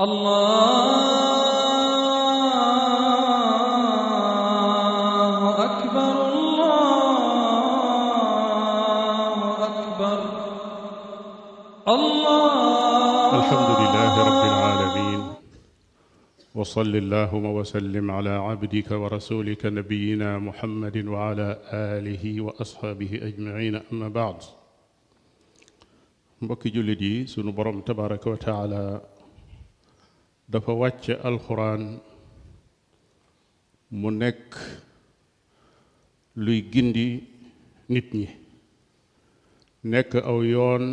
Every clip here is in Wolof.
الله أكبر الله أكبر الله الحمد لله رب العالمين وصل اللهم وسلم على عبدك ورسولك نبينا محمد وعلى آله وأصحابه أجمعين أما بعد مبكي جلدي سنبرم تبارك وتعالى dafa wàcce alxuraan mu nekk luy gindi nit ñi nekk aw yoon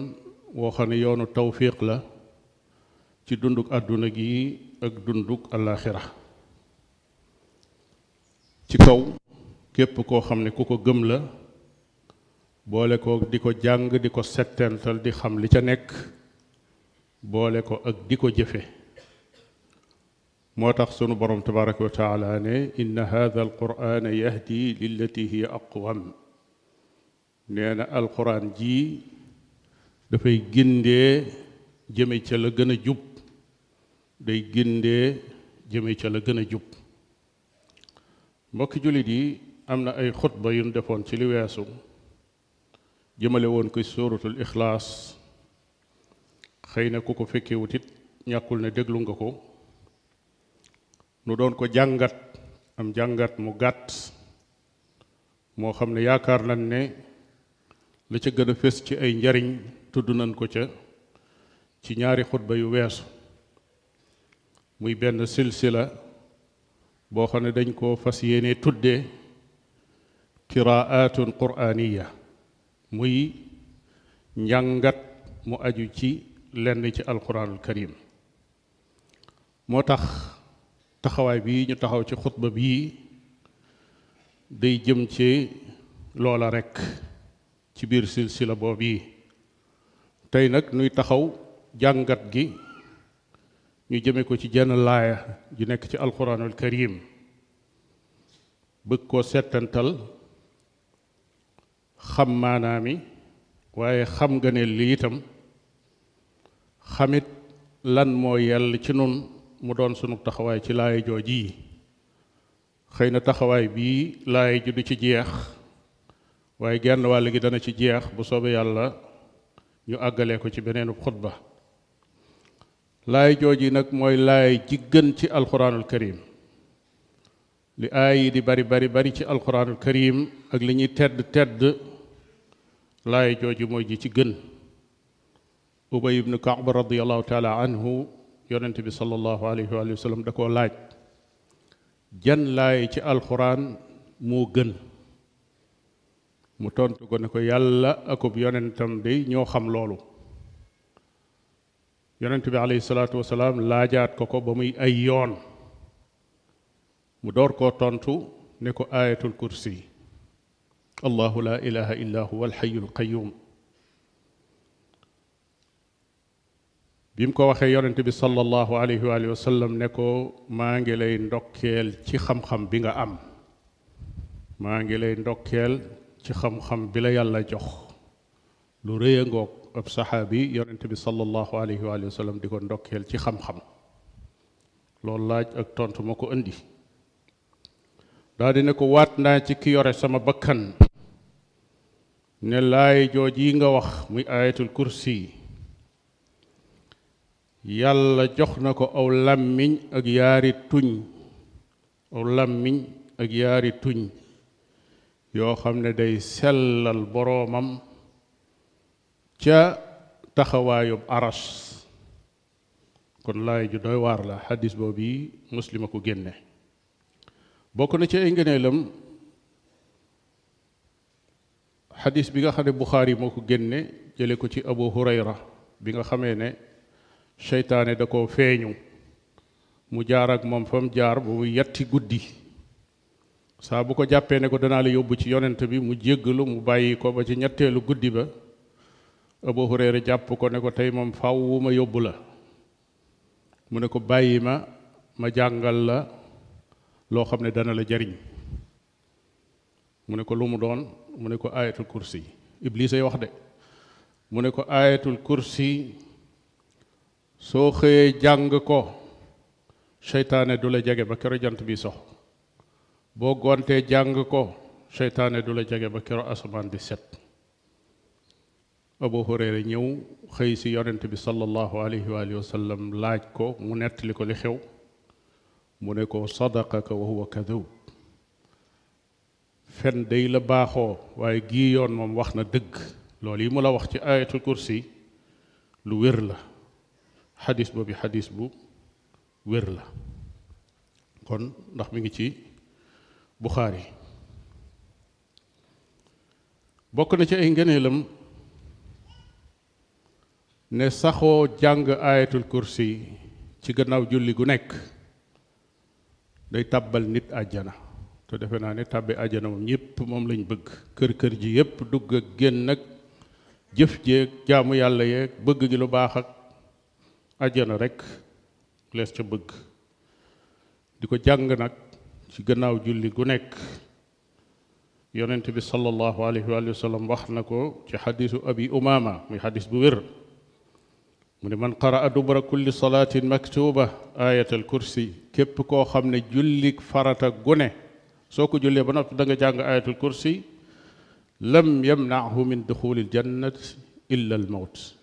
woo xam ne yoonu tawfiq la ci dunduk àdduna gi ak dunduk alaaxira ci kaw képp koo xam ne ku ko gëm la boole ko di ko jàng di ko settental di xam li ca nekk boole ko ak di ko jëfe موتاخ سونو بروم تبارك وتعالى ان هذا القران يهدي للتي هي اقوم لان القران جي دا فاي گندي جيمي تي لا گنا جوب داي گندي جيمي تي گنا جوب موك جولي دي امنا اي خطبه يون ديفون سي لي ويسو جيمالي وون كو سوره الاخلاص خينا كوكو فكيو تيت نياكول نا دگلو نغاكو nu doon ko jàngat am jàngat mu gàtt moo xam ne yaakaar nañ ne la ca gën a fés ci ay njariñ tudd nañ ko ca ci ñaari xutba yu weesu muy benn silsila boo xam ne dañ koo fas yéene tudde qiraatun quraaniya muy njàngat mu aju ci lenn ci alquranul karim moo tax taxawaay bii ñu taxaw ci xutba bii day jëm ci loola rekk ci biir sil silsila boobu yi tey nag nuy taxaw jàngat gi ñu jëme ko ci jenn laaya ju nekk ci alquranul karim bëgg koo settantal xam maanaam yi waaye xam nga ne lii itam xamit lan moo yell ci nun mu doon sunu taxawaay ci laay jooji yi xëy na taxawaay bii laay ju du ci jeex waaye genn wàll gi dana ci jeex bu soobee yàlla ñu àggalee ko ci beneenu xutba laay jooji nag mooy laay ji gën ci alxuraanul karim li aay yi di bari bari bari ci alxuraanul karim ak li ñuy tedd tedd laay jooji mooy ji ci gën ubay ibnu kaab radiallahu taala anhu yonent bi sallallahu alayhi wa sallam da koo laaj jan laay ci alxuraan moo gën mu tontu ko ne ko yàlla akub yonentam day ñoo xam loolu yonent bi alayhi salaatu wasalaam laajaat ko ko ba muy ay yoon mu door koo tontu ne ko ayatul kursi allahu la ilaha illa huwa alxayu alqayum bim ko waxe yonente bi sallallahu alayhi wa sallam ne ko ma ngi lay ndokkel ci xam-xam bi nga am ma ngi lay ndokkel ci xam-xam bi la yàlla jox lu reey ngok ab sahabi yonente bi sallallahu alayhi wa sallam di ko ndokkeel ci xam-xam lol laaj ak tontu mako andi indi ne ko wat na ci ki yore sama bakkan ne lay joji nga wax muy ayatul kursi yàlla jox na ko aw làmmiñ ak yaari tuñ làmmiñ ak yaari tuñ yoo xam ne day sellal boroomam ca taxawaayub aras kon laay ju doy waar la xaddis boobu yi muslim a ko génne bokk na ci ay ngëneelam xaddis bi nga xam ne buxaari moo ko génne jële ko ci abu hurayra bi nga xamee ne seytaane da koo feeñu mu jaar ak moom fa mu jaar ba mu yetti guddi saa bu ko jàppee ne ko danaa la yóbbu ci yonent bi mu jégglu mu bàyyi ko ba ci ñetteelu guddi ba Abu Hurayra jàpp ko ne ko tey moom faw ma yóbbu la mu ne ko bàyyi ma ma jàngal la loo xam ne dana la jariñ mu ne ko lu mu doon mu ne ko aayatul kursi Iblis ay wax de mu ne ko aayatul kursi soo xëyee jàng ko seytaane du la jege ba kero jant bi sox boo gontee jàng ko seytaane du la jege ba kero asamaan di set abu hurayra ñëw xëy si yonent bi sallallahu alayhi wa alihi wa laaj ko mu nettali ko li xew mu ne ko sadaqaka wa huwa kadub fen day la baaxoo waaye gii yoon moom wax na dëgg loolu yi mu la wax ci ayatul kursi lu wér la xadis boobu xadiis bu wér la kon ndax mi ngi ci Buxaari bokk na ci ay ngëneelam ne saxoo jàng ayatul kursi ci gannaaw julli gu nekk day tàbbal nit àjjana te defe naa ne tàbbi àjjana moom ñëpp moom lañ bëgg kër kër ji yëpp dugg ak génn ak jëf jeeg jaamu yàlla yeeg bëgg gi lu baax aljana rek les ca bëgg di ko jàng nag ci gannaaw julli gu nekk yonent bi sallallahu alayhi wa sallam wax na ko ci xadisu abi umama muy xadis bu wér mu ne man qaraa dubra kulli salatin maktuba ayat al kursi képp koo xam ne jullik farata gune soo ko jullee ba noppi da nga jàng ayatul kursi lam yamnahu min duxuli al illa al mawt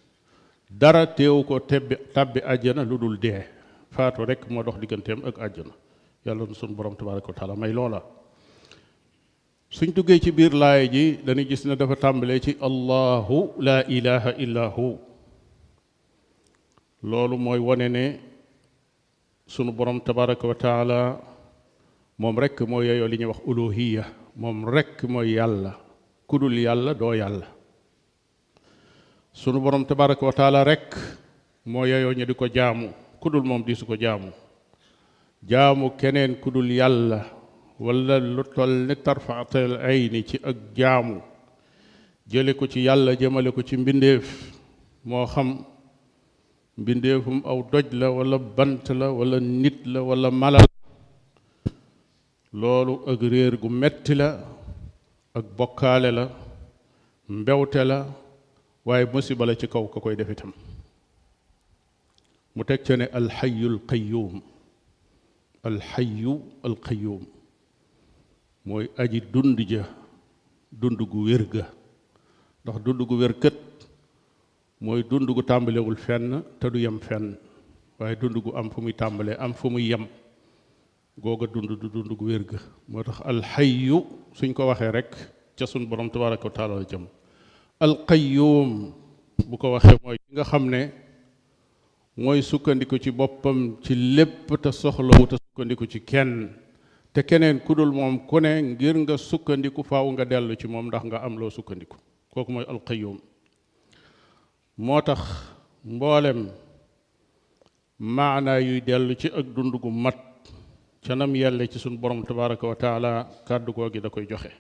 dara teewu ko tebbi tabbi àjjana lu dul dee faato rek moo dox digganteem ak àjjana yàlla na sunu borom tabaaraka wa taala may loola suñ duggee ci biir laay ji dañuy gis ne dafa tàmbalee ci allahu laa ilaha illa hu loolu mooy wone ne sunu borom tabaaraka wa taala moom rek moo yeyoo li ñuy wax uluhiya moom rekk mooy yàlla ku dul yàlla doo yàlla sunu borom tabaraka wa taala rek moo yeyoo ñu di ko jaamu kudul moom di su ko jaamu jaamu keneen kudul yàlla wala lu toll ni tarfaatal ayni ci ak jaamu jële ko ci yàlla jëmale ko ci mbindeef moo xam mbindeefum aw doj la walla bant la walla nit la walla mala la loolu ak réer gu metti la ak bokkaale la mbewte la waaye musiba la ci kaw ko koy def itam mu teg ca ne alxayu alqayuum alxayu alqayuum mooy aji dund ja dund gu wér ga ndax dund gu wér kët mooy dund gu tàmbalewul fenn te du yem fenn waaye dund gu am fu muy tàmbalee am fu muy yem googa dund du dund gu wér ga moo tax alxayu suñ ko waxee rek ca sun borom tabaraka wa taala la jëm alqayuum bu ko waxee mooy ki nga xam ne mooy sukkandiku ci boppam ci lépp te soxlawu sukkandiku ci kenn te keneen ku dul moom ku ne ngir nga sukkandiku faw nga dellu ci moom ndax nga am loo sukkandiku kooku mooy alqayuum moo tax mboolem maanaa yuy dellu ci ak dund gu mat canam yàlla ci sunu borom tabaraka wa taala kàddu goo gi da koy joxe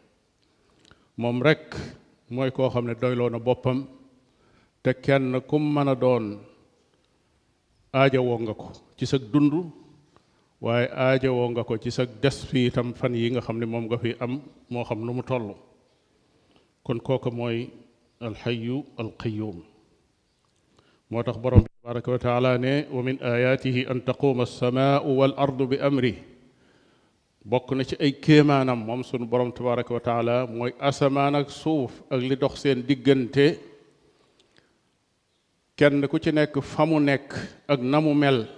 moom rekk mooy koo xam ne doyloo na boppam te kenn ku mën a doon aajawoo nga ko ci sa dund waaye aajawoo nga ko ci sa des fi itam fan yi nga xam ne moom nga fi am moo xam nu mu toll kon kooku mooy alxayu alqayuum moo tax borom bi tabaraka wa taala ne wa min ayatihi an taquuma alsamaau wal ardu bi amrih bokk na ci ay kéemaanam moom sunu borom tabaraka wa taala mooy asamaan ak suuf ak li dox seen diggante kenn ku ci nekk fa mu nekk ak na mu mel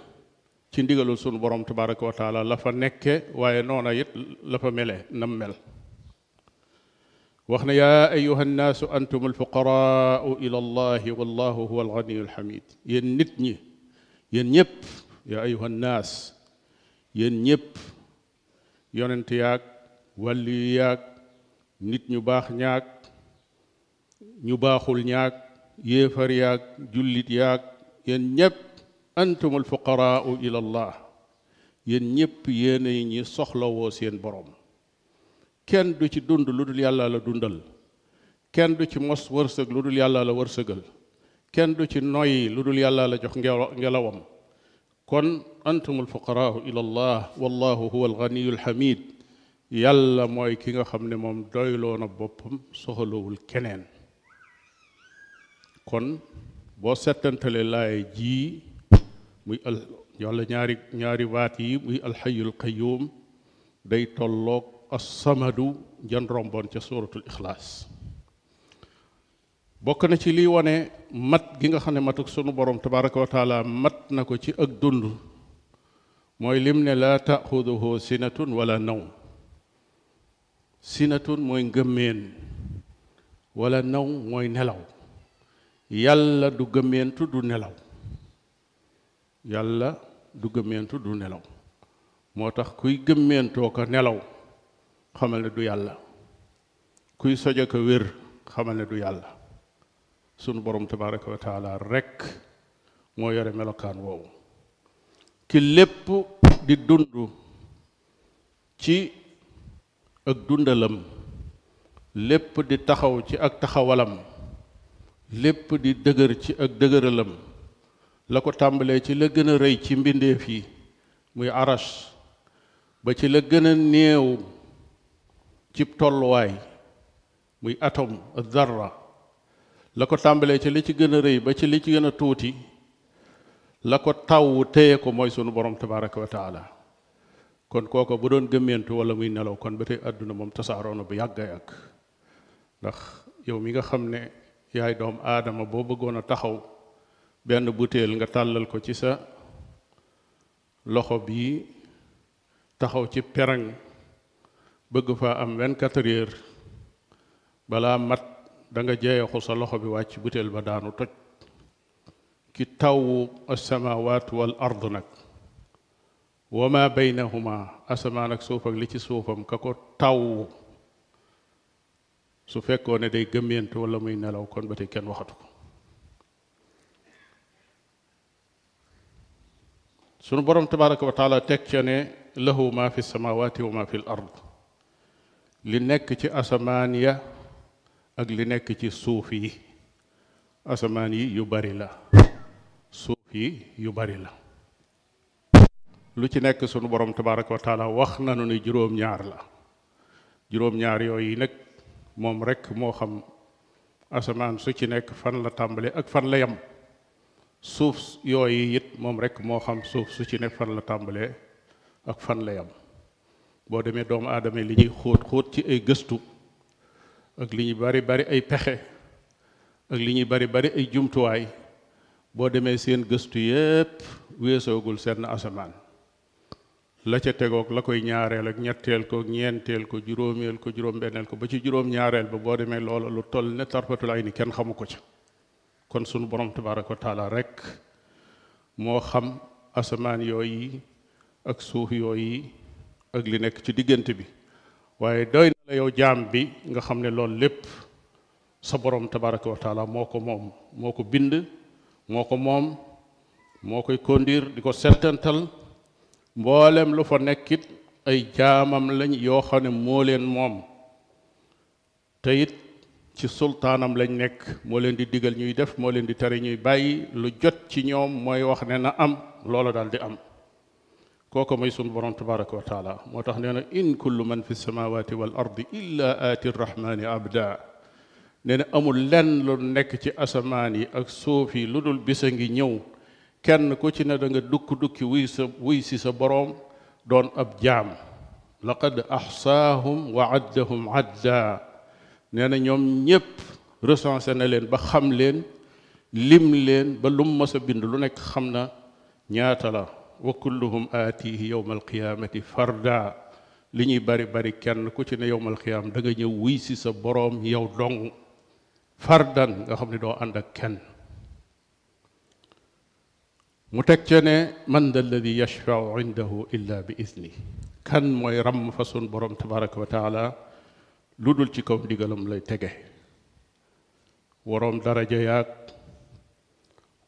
ci ndigalul sunu borom tabaraka wa taala la fa nekke waaye noona it la fa mele nam mel wax na yaa ayuha nnaasu antum alfuqaraau ila allahi wallahu huwa alganiyu alhamid yéen nit ñi yéen ñëpp yaa ayuha nnaas yéen ñëpp yonent yaag wàlli yu nit ñu baax ñaag ñu baaxul ñaak yéefar yaag jullit yaag yéen ñépp antumul fuqaraau ila allah yéen ñépp yéenay ñi soxlawoo seen borom kenn du ci dund lu dul yàlla la dundal kenn du ci mos wërsëg lu dul yàlla la wërsëgal kenn du ci noyyi lu dul yàlla la jox ngelawam كن أنتم الفقراء إلى الله والله هو الغني الحميد يلا موي كيغا خامني موم دويلو نا بوبم سوخلو ول كنين كون بو سيتنتلي لاي جي موي ال يالا نياري نياري واتي موي الحي القيوم داي تولوك الصمد جان رومبون تي سوره الاخلاص bokk na ci liy wone mat gi nga xam ne matuk sunu borom tabaraka wa taala mat na ko ci ak dund mooy lim ne laa taxuduhu sinatun walla naw sinatun mooy ngëmmeen wala nawm mooy nelaw yàlla du gëmmeentu du nelaw yàlla du gëmmeentu du nelaw moo tax kuy gëmmeentoo ko nelaw xamal ne du yàlla kuy sojo ko wér xamal ne du yàlla sunu borom tabaraka wa taala rek moo yore melokaan woowu ki lépp di dund ci ak dundalam lépp di taxaw ci ak taxawalam lépp di dëgër ci ak dëgëralam la ko tàmbalee ci la gën a rëy ci mbindeef yi muy arash ba ci la gën a néew ci tolluwaay muy atom zarra la ko tàmbalee ci li ci gën a rëy ba ci li ci gën a tuuti la ko taw téye ko mooy sunu borom tabaraka wa kon kooko bu doon gëmmeentu wala muy nelaw kon ba tey àdduna moom tasaaroona bu yàgg a yàgg ndax yow mi nga xam ne yaay doom aadama boo bëggoon a taxaw benn butéel nga tàllal ko ci sa loxo bii taxaw ci perang bëgg fa am 24 heures balaa mat da nga jeexu sa loxo bi wàcc butéel ba daanu toj ki taw alsamawat wal ard nag wa ma baynahuma asamaan ak suuf ak li ci suufam ka ko taw su fekkoo ne day gëmmeentu wala muy nelaw kon ba tey kenn waxatu ko sunu borom tabaraka wa taala teg ca ne lahu ma fi samawati wa ma fi al ard li nekk ci asamaan ya ak li nekk ci suuf yi asamaan yi yu bari la suuf yi yu bari la lu ci nekk sunu boroom tabaraka wa wax nanu ne juróom-ñaar la juróom-ñaar yooyu nag moom rekk moo xam asamaan su ci nekk fan la tàmbale ak fan la yam suuf yooyu it moom rekk moo xam suuf su ci nekk fan la tàmbale ak fan la yam boo demee doomu aadama li ñuy xóot xóot ci ay gëstu ak li ñuy bari bari ay pexe ak li ñuy bari bari ay jumtuwaay boo demee seen gëstu yépp weesoogul seen asamaan la ca tegook la koy ñaareel ak ñetteel ko ñeenteel ko juróomeel ko juróom-benneel ko ba ci juróom-ñaareel ba boo demee loola lu toll ne tarfatul ni kenn xamu ko ca kon sunu borom tabaaraka wa taala rek moo xam asamaan yooyu ak suuf yi ak li nekk ci diggante bi waaye doy na la yow jaam bi nga xam ne loolu lépp sa boroom tabaraka moo ko moom moo ko bind moo ko moom moo koy conduire di ko settantal mbooleem lu fa nekkit ay jaamam lañ yoo xam ne moo leen moom te it ci sultaanam lañ nekk moo leen di digal ñuy def moo leen di tere ñuy bàyyi lu jot ci ñoom mooy wax ne na am loola daal di am كوكو ما يسون برون تبارك وتعالى موتاخ نينا ان كل من في السماوات والارض الا اتي الرحمن عبدا نينا امول لن لو نيك تي اسماني اك سوفي لودول بيسنغي نيو كين كو تي نادا نغا دوك دوكي وي س وي سي بروم دون اب جام لقد احصاهم وعدهم عدا نينا نيوم نييب ريسونس نالين با خام لين لم لين با لوم مسا بيند لو نيك خامنا نياتا wa kulluhum aatihi yowma alqiyaamati farda li ñuy bari bari kenn ku ci ne yowmal qiyaam da nga ñëw wuy si sa boroom yow dong fardan nga xam ne doo ànd ak kenn mu teg ca ne man da alladi yashfau indahu illa bi idni kan mooy ram fa sun borom tabaraka wa taala lu dul ci kaw ndigalam lay tege waroom daraja yaag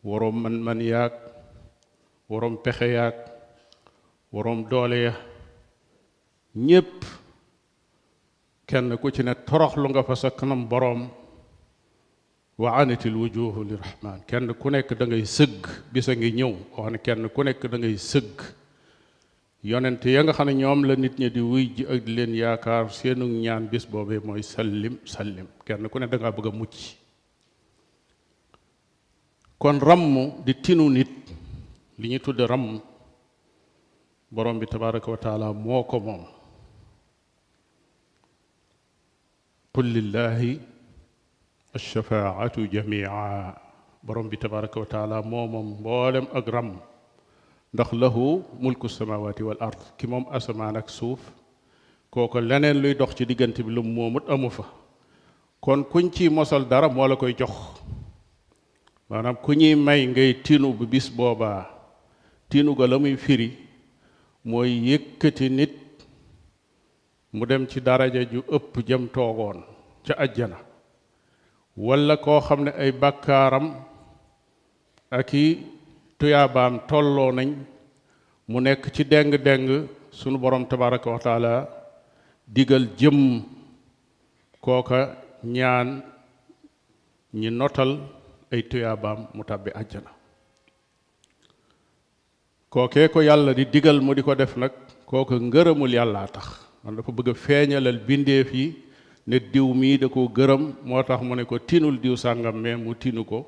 waroom man-man yaag waroom pexe yaag waroom doole ya ñépp kenn ku ci ne toroxlu nga fa sa kanam boroom wa anatil wujuhu li rahman kenn ku nekk da ngay sëgg bisa ngi ñëw wax ne kenn ku nekk da ngay sëgg yonent ya nga xam ne ñoom la nit ñi di wuy ji ak leen yaakaar seenu ñaan bis boobee mooy sallim sallim kenn ku ne da ngaa bëgg a mucc kon ràmm di tinu nit li ñu tudde ram borom bi tabaraka wa taala moo ko moom qul lillahi alshafaatu jamia borom bi tabaraka wa taala moo moom mboolem ak ram ndax lahu mulku samawati wal ard ki moom asamaan ak suuf kooko leneen luy dox ci diggante bi lu moomut amu fa kon kuñ ci mosal dara moo la koy jox maanaam ku ñuy may ngay tinu bu bis boobaa tiinu ga la muy firi mooy yëkkati nit mu dem ci daraja ju ëpp jëm toogoon ca ajjana walla koo xam ne ay bakkaaram ak i tuyaabaam tolloo nañ mu nekk ci deng-deng sunu borom tabaraka wa digal jëm kooka ñaan ñi nottal ay tuyaabaam mu tàbbi ajjana kookee ko yàlla di digal mu di ko def nag kooka ngërëmul yàllaa tax man dafa bëgg feeñalal bindeef yi ne diw mii da koo gërëm moo tax mu ne ko tinul diw sàngam mais mu tinu ko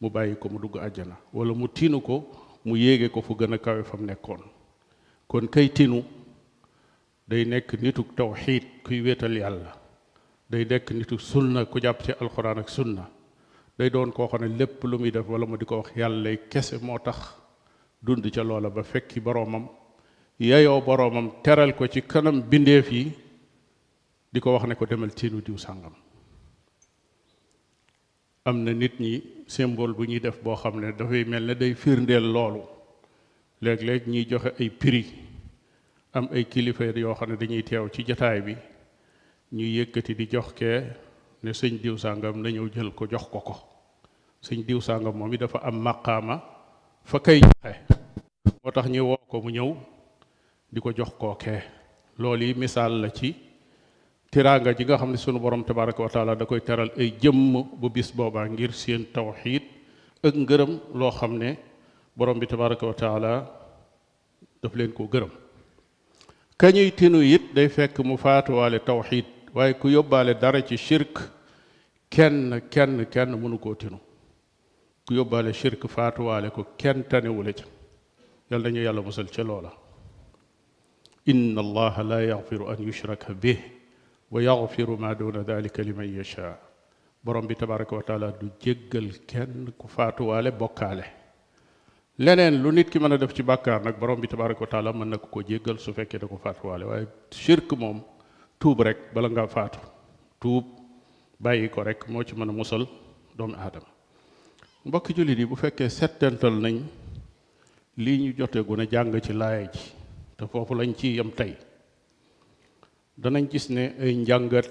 mu bàyyi ko mu dugg àjjana wala mu tinu ko mu yéege ko fu gën a kawe mu nekkoon kon kay tinu day nekk nituk tawxiid kuy wéetal yàlla day nekk nituk sunna ku jàpp ci alxuraan ak sunna day doon koo xam ne lépp lu muy def wala mu di ko wax yàlla kese moo tax dund ca loola ba fekki boroomam yeyoo boroomam teral ko ci kanam bindeef yi di ko wax ne ko demal tiinu diw sàngam am na nit ñi symbole bu ñuy def boo xam ne dafay mel ne day firndeel loolu léeg-léeg ñuy joxe ay piri am ay kilifa yoo xam ne dañuy teew ci jataay bi ñuy yëkkati di jox kee ne sëñ diw sàngam na ñëw jël ko jox ko ko sëñ diw sàngam moom it dafa am màqaama fa kay joxe moo tax ñu woo ko mu ñëw di ko jox kookee loolu yi misaal la ci tiraanga ji nga xam ne sunu borom tabaraka wa taala da koy teral ay jëmm bu bis boobaa ngir seen tawxiid ak ngërëm loo xam ne borom bi tabaraka wa taala daf leen ko gërëm kañuy tinu it day fekk mu faatuwaale tawxiid waaye ku yóbbaale dara ci shirk kenn kenn kenn mënu koo tinu ku yóbbaale shirk faatuwaale ko kenn tanewule ca yàlla nañu yàlla musal ca loola inna allaha la yaxfiru an yushraka bih wa yaxfiru ma duna dalika liman yasha borom bi tabaraka wa taala du jéggal kenn ku faatuwaale bokkaale leneen lu nit ki mën a def ci bàkkaar nag borom bi tabaraka wa taala mën na ko ko jéggal su fekkee da ko faatuwaale waaye shirk moom tuub rek bala ngaa faatu tuub bàyyi ko rek moo ci mën a musal doomu aadama mbokki jullit yi bu fekkee settental nañ lii ñu jote gu ne jàng ci laaya ji te foofu lañ ci yem tey danañ gis ne ay njàngat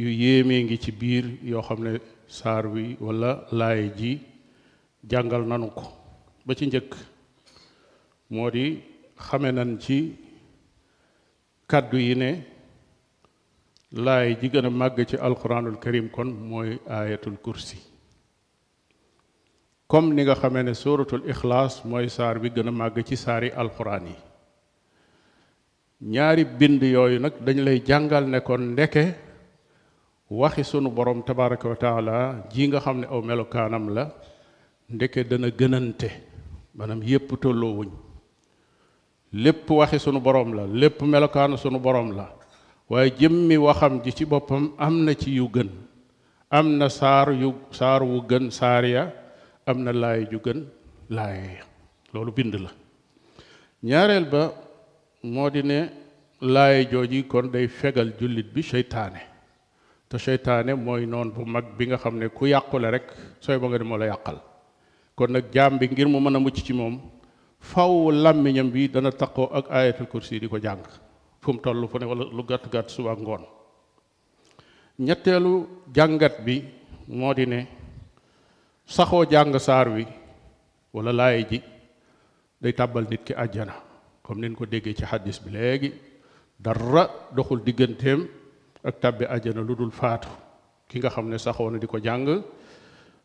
yu yéemee ngi ci biir yoo xam ne saar wi walla laaya ji jàngal nanu ko ba ci njëkk moo di xame nañ ci kàddu yi ne laaya ji gën a màgg ci alquranul karim kon mooy aayatul kursi comme ni nga xamee ne suuratul ixlaas mooy saar bi gën a màgg ci saari alxuraan yi ñaari bind yooyu nag dañu lay jàngal ne kon ndeke waxi sunu borom tabaraka wa taala ji nga xam ne aw melokaanam la ndeke dana gënante banam yépp tolloo wuñ lépp waxi sunu borom la lépp melokaanu sunu borom la waaye jëmmi waxam ji ci boppam am na ci yu gën am na saar yu saar wu gën saar ya am na laay ju gën laay loolu bind la ñaareel ba moo di ne laay jooji kon day fegal jullit bi seytaane te seytaane mooy noon bu mag bi nga xam ne ku yàqule rek sooy ba nga ne moo la yàqal kon nag jaam bi ngir mu mën a mucc ci moom faw làmmiñam bi dana taqoo ak ayatul kursi di ko jàng fu mu toll fu ne lu gàtt gàtt suba ak ngoon ñetteelu jàngat bi moo di ne saxoo jàng saar wi wala laay ji day tàbbal nit ki àjjana comme neen ko déggee ci xaddis bi léegi dara doxul digganteem ak tàbbi àjjana lu dul faatu ki nga xam ne saxoo na di ko jàng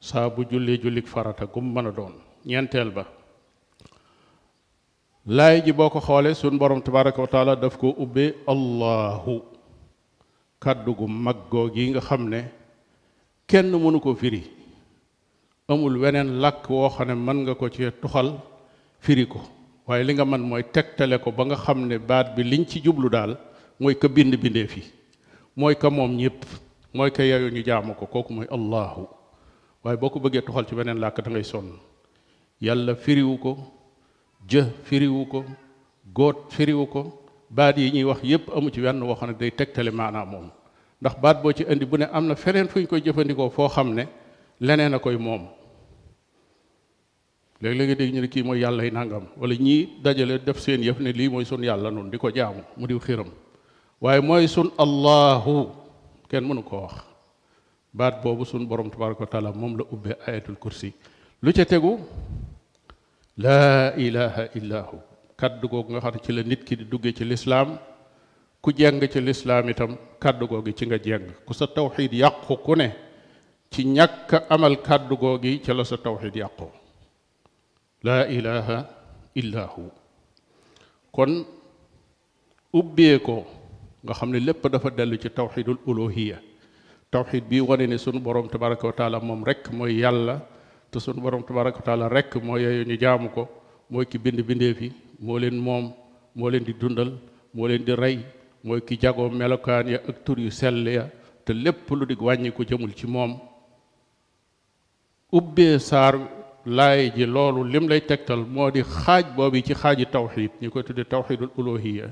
saabu bu jullee jullik farata gum mën a doon ñeenteel ba laay ji boo ko xoolee sun borom tabaraka wa taala daf ko ubbee allahu kàddu gu mag googi nga xam ne kenn mënu ko firi amul weneen làkk woo xam ne mën nga ko ci tuxal firi ko waaye li nga man mooy tegtale ko ba nga xam ne baat bi liñ ci jublu daal mooy ka bind bindee fi mooy ka moom ñëpp mooy ka yeyoo ñu jaamu ko kooku mooy allahu waaye boo ko bëggee tuxal ci weneen làkk da sonn yàlla firiwu ko jë firiwu ko góot firiwu ko baat yi ñuy wax yépp amu ci wenn woo xam ne day tegtale maanaam moom ndax baat boo ci indi bu ne am na feneen fu ñu koy jëfandikoo foo xam ne leneen a koy moom léeg léegi nga ñu ne kii mooy yàlla yi nangam wala ñii dajale def seen yëf ne lii mooy sun yàlla noonu di ko jaamu mu di xiram waaye mooy sun allahu kenn mënu koo wax baat boobu sun borom tabaraka wa moom la ubbee ayatul kursi lu ca tegu laa ilaha illa hu nga xam ne ci la nit ki di duggee ci lislaam ku jeng ci lislaam itam kaddu googu ci nga jeng ku sa tawxiid yàqu ku ne ci ñàkk amal kàddu googi gi la sa tawxid yàqoo laa ilaha illa hu kon ubbee ko nga xam ne lépp dafa dellu ci tawxidul uluhiya tawxid bii wane ne sunu borom tabaraka wa taala moom rek mooy yàlla te sunu borom tabaraka wa taala rek moo yooyu ñu jaamu ko mooy ki bind bindeef moo leen moom moo leen di dundal moo leen di rey mooy ki jagoo melokaan ya ak tur yu sell ya te lépp lu dig wàññi ko jëmul ci moom ubbe sar lay ji lolou lim lay tektal modi xaj bobu ci xaji tawhid ni ko tudde tawhidul uluhiyya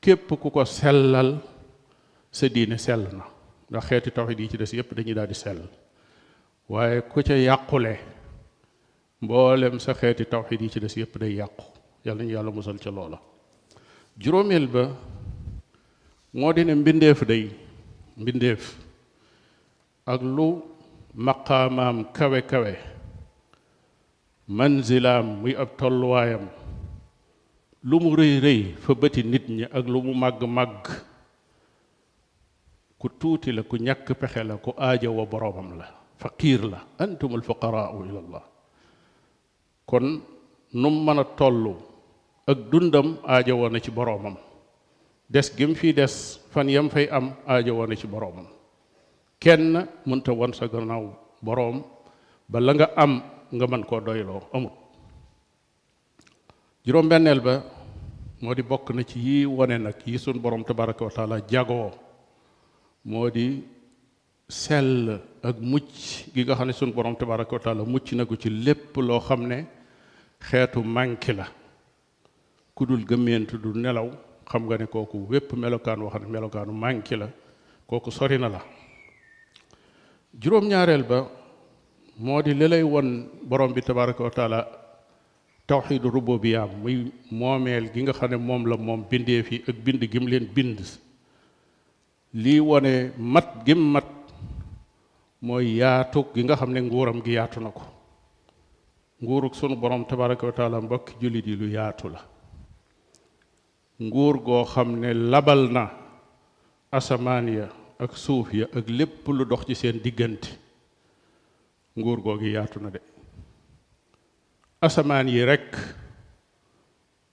kep ku ko selal sa diine selna da xéti tawhid yi ci dess yépp dañuy daal sel waye ku ca yàqule mboolem sa xéti tawhid yi ci dess yépp day yàqu yàlla ñu yàlla musal ci lolo juromel ba modi ne mbindef day mbindef ak lu maqaamaam kawe kawe manzilaam muy ab tolluwaayam lu mu rëy rëy fa bëti nit ñi ak lu mu màgg màgg ku tuuti la ku ñàkk pexe la ku aaja wa boroomam la faqiir la antum alfuqaraau ila allah kon num mën a toll ak dundam aaja woon na ci boroomam des gi mu fiy des fan yam fay am aaja woon na ci boroomam kenn mënta won sa gannaaw boroom ba la nga am nga mën koo doyloo amut juróom-benneel ba moo di bokk na ci yi wone nag yi sun borom tabaraka jagoo moo di sell ak mucc gi nga xam ne sun borom tabaraka wa mucc na ko ci lépp loo xam ne xeetu manki la ku dul gëmmeentu du nelaw xam nga ne kooku wépp melokaan wax ne melokaanu manki la kooku sori na la juróom-ñaareel ba moo di li won borom bi tabaraka wa taala tawxidu rububiyaam muy moomeel gi nga xam ne moom la moom bindee fi ak bind gi leen bind lii wone mat gi mat mooy yaatu gi nga xam ne nguuram gi yaatu na ko nguurug sunu borom tabaraka wa taala mbokki jullit yi lu yaatu la nguur goo xam ne labal na asamaan ya ak suuf ya ak lépp lu dox ci seen diggante nguur googi yaatu na de asamaan yi rekk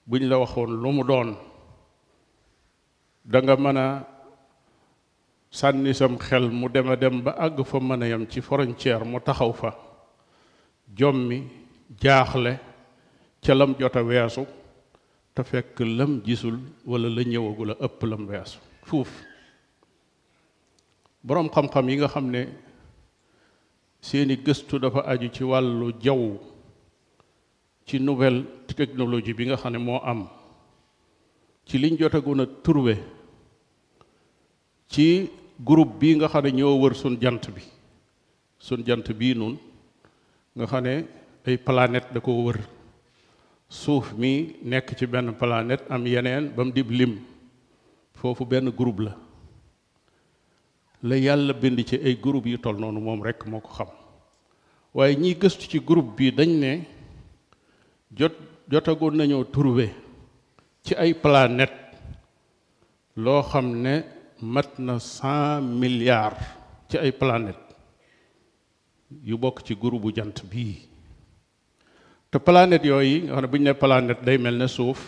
bu ñu la waxoon lu mu doon da nga mën a sànni sam xel mu dem a dem ba àgg fa mën a yem ci frontière mu taxaw fa jommi jaaxle ca lam jot weesu te fekk lam jisul wala la ñëwagul a ëpp lam weesu fuuf boroom xam-xam yi nga xam ne seeni gëstu dafa aju ci wàllu jaww ci nouvelle technologie bi nga xam ne moo am ci liñ jotagoon a trouvé ci groupe bi nga xam ne ñoo wër sun jant bi sun jant bii nun nga xam ne ay planète da ko wër suuf mi nekk ci benn planète am yeneen ba mu dib lim foofu benn groupe la la yàlla bind ci ay groupe yu toll noonu moom rekk moo ko xam waaye ñii gëstu ci groupe bii dañ ne jot jotagoon nañoo trouver ci ay planète loo xam ne mat na cent milliards ci ay planète yu bokk ci groupe bu jant bii te planète yooyu nga xam ne bu ne planète day mel ne suuf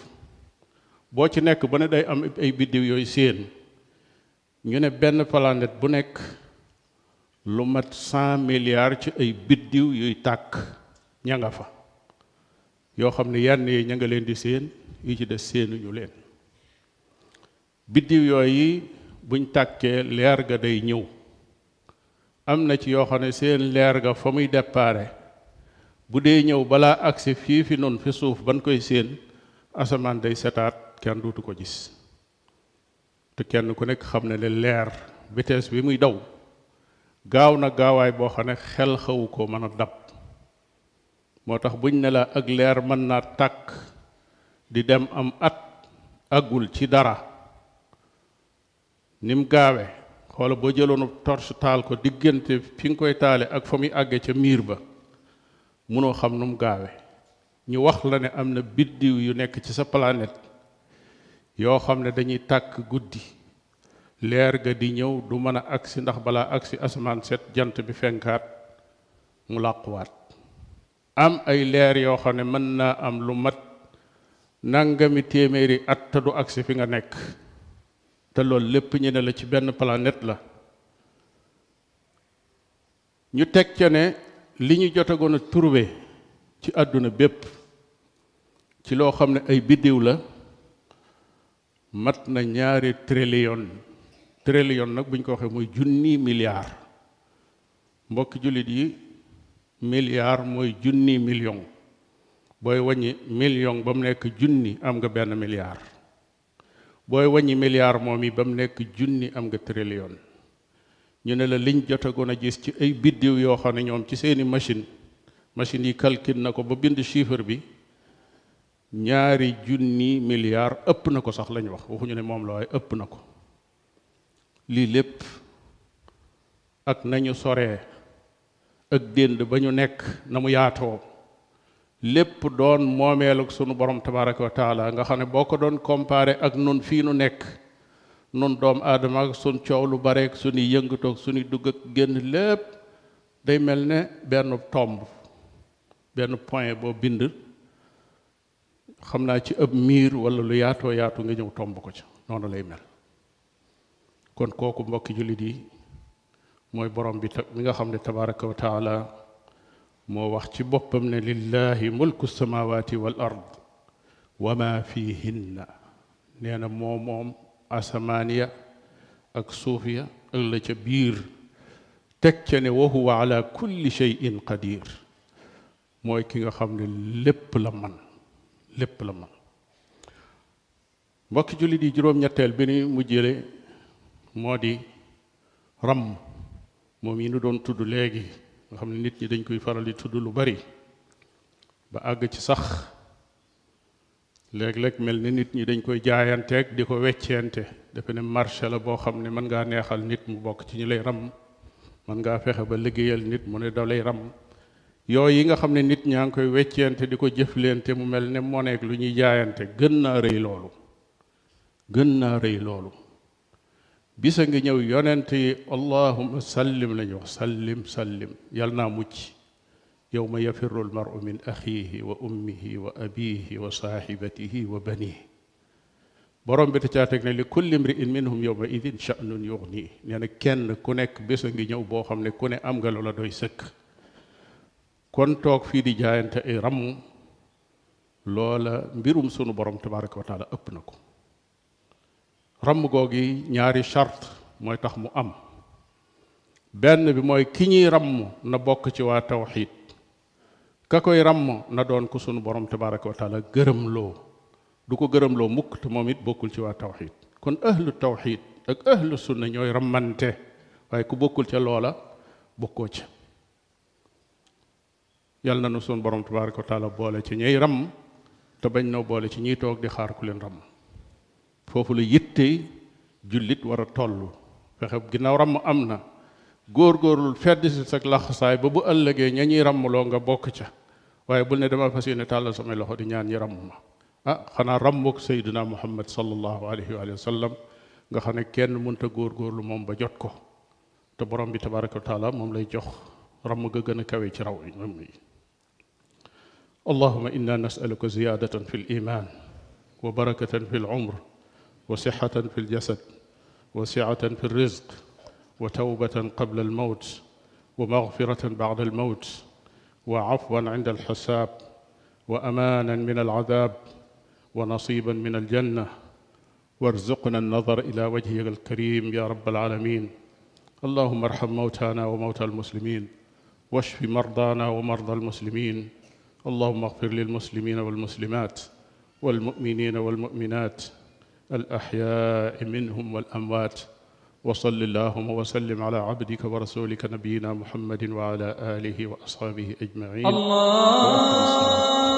boo ci nekk ba ne day am ay biddiw yooyu séen ñu ne benn planète bu nekk lu mat cent milliards ci ay biddiw yuy tàkk ña nga fa yoo xam ne yenn yi ña nga leen di séen yu ci des seenuñu leen biddiw yi buñ tàkkee leer ga day ñëw am na ci yoo xam ne seen leer ga fa muy dépare bu dee ñëw balaa agsi fii fi noonu fi suuf ban koy séen asamaan day setaat kenn duutu ko gis te kenn ku nekk xam ne ne leer vitesse bi muy daw gaaw na gaawaay boo xam ne xel xawu ko mën a dab moo tax buñ ne la ak leer mën naa tàkk di dem am at agul ci dara ni mu gaawe xoola boo jëloonu torche taal ko diggante fi nga koy taale ak fa muy àgge ca miir ba munoo xam nu gaawe ñu wax la ne am na biddiw yu nekk ci sa planète yoo xam ne dañuy tàkk guddi leer ga di ñëw du mën a agsi ndax balaa agsi set jant bi fenkaat mu làquwaat am ay leer yoo xam ne mën naa am lu mat nangami téeméeri at te du agsi fi nga nekk te loolu lépp ñu ne la ci benn planète la ñu teg ca ne li ñu jotagoon a trouvé ci àdduna bépp ci loo xam ay biddiw la mat na ñaari trillion trillion nag bu ñu ko waxee mooy junni milliard mbokki jullit yi milliard mooy junni million booy wàññi million ba mu nekk junni am nga benn milliard booy waññi milliard moom yi ba mu nekk junni am nga trillion ñu ne la liñ jote jotagoon a gis ci ay biddiw yoo xam ne ñoom ci seeni machine machine yi calcule na ko ba bind chiffre bi ñaari junni milliards ëpp na ko sax lañu wax waxuñu ne moom la waaye ëpp na ko lii lépp ak nañu soree ak dénd ba ñu nekk na mu yaatoo lépp doon moomeel sunu borom tabaraka wa taala nga xam ne boo ko doon comparé ak nun fii nu nekk nun doom aadama ak sun coow lu bareek suñuy yëngatoog suñuy dugg ak génn lépp day mel ne benn tomb benn point boo bind xam naa ci ëb miir wala lu yaato yaatu nga ñëw tomb ko ca noonu lay mel kon kooku mbokki jullit yi mooy borom bi mi nga xam ne tabaraka wa taala moo wax ci boppam ne lillahi mulku samawati wal ard wa ma fihinna nee na moo moom asamaan ya ak suuf ya ak la ca biir teg ca ne wa huwa ala kulli shayin qadir mooy ki nga xam ne lépp la man lépp la man mbokki jullit yi juróom-ñetteel bi ni mu jële moo di ram moom yi nu doon tudd léegi nga xam ne nit ñi dañ koy faral di tudd lu bari ba àgg ci sax léeg-léeg mel ni nit ñi dañ koy jaayanteeg di ko wecceente defe ne marché la boo xam ne mën ngaa neexal nit mu bokk ci ñu lay ram mën ngaa fexe ba liggéeyal nit mu ne da lay ram yooyu yi nga xam ne nit ñaa ngi koy weccente di ko jëflente mu mel ne moneeg lu ñuy jaayante gën naa rëy loolu gën naa rëy loolu bisa ngi ñëw yonent yi allahuma sallim lañu wax sallim sallim yal naa mucc yowma yafiru almaru min axiihi wa ummihi wa abiihi wa saaxibatihi wa banihi borom bi te caateeg ne li kulli mriin minhum yowma idin sha'nun yuxni nee na kenn ku nekk bisa ngi ñëw boo xam ne ku ne am nga loola doy sëkk kon toog fii di jaayante ay ramm loola mbirum sunu borom tabaraka wa taala ëpp na ko ramm googi ñaari charte mooy tax mu am benn bi mooy ki ñuy ramm na bokk ci waa tawxiid ka koy ramm na doon ko sunu borom tabaraka wa gërëmloo du ko gërëmloo mukk te moom it bokkul ci waa tawxiid kon ahlu tawxiid ak ahlu sunna ñooy rammante waaye ku bokkul ca loola bokkoo ca yal na nu sun borom tabaaraka wa taala boole ci ñey ram te bañ noo boole ci ñiy toog di xaar leen ram foofu la yitte jullit war a toll fexe ginnaaw ram am na góor-góorlu fedd si sa laxasaay ba ëllëgee ña ñuy ràmmloo nga bokk ca waaye bul ne dama fas yéene tàllal samay loxo di ñaan ñi ràmm ma ah xanaa ràmmuk sayduna muhammad sallallahu alayhi wa sallam nga xam ne kenn mënta góor-góorlu moom ba jot ko te borom bi tabaraka wa taala moom lay jox ràmm ga gën a kawe ci raw yi اللهم إنا نسألك زيادة في الإيمان وبركة في العمر وصحة في الجسد وسعة في الرزق وتوبة قبل الموت ومغفرة بعد الموت وعفوا عند الحساب وأمانا من العذاب ونصيبا من الجنة وارزقنا النظر إلى وجهك الكريم يا رب العالمين اللهم ارحم موتانا وموتى المسلمين واشف مرضانا ومرضى المسلمين اللهم اغفر للمسلمين والمسلمات والمؤمنين والمؤمنات الأحياء منهم والأموات وصل اللهم وسلم على عبدك ورسولك نبينا محمد وعلى آله وأصحابه أجمعين الله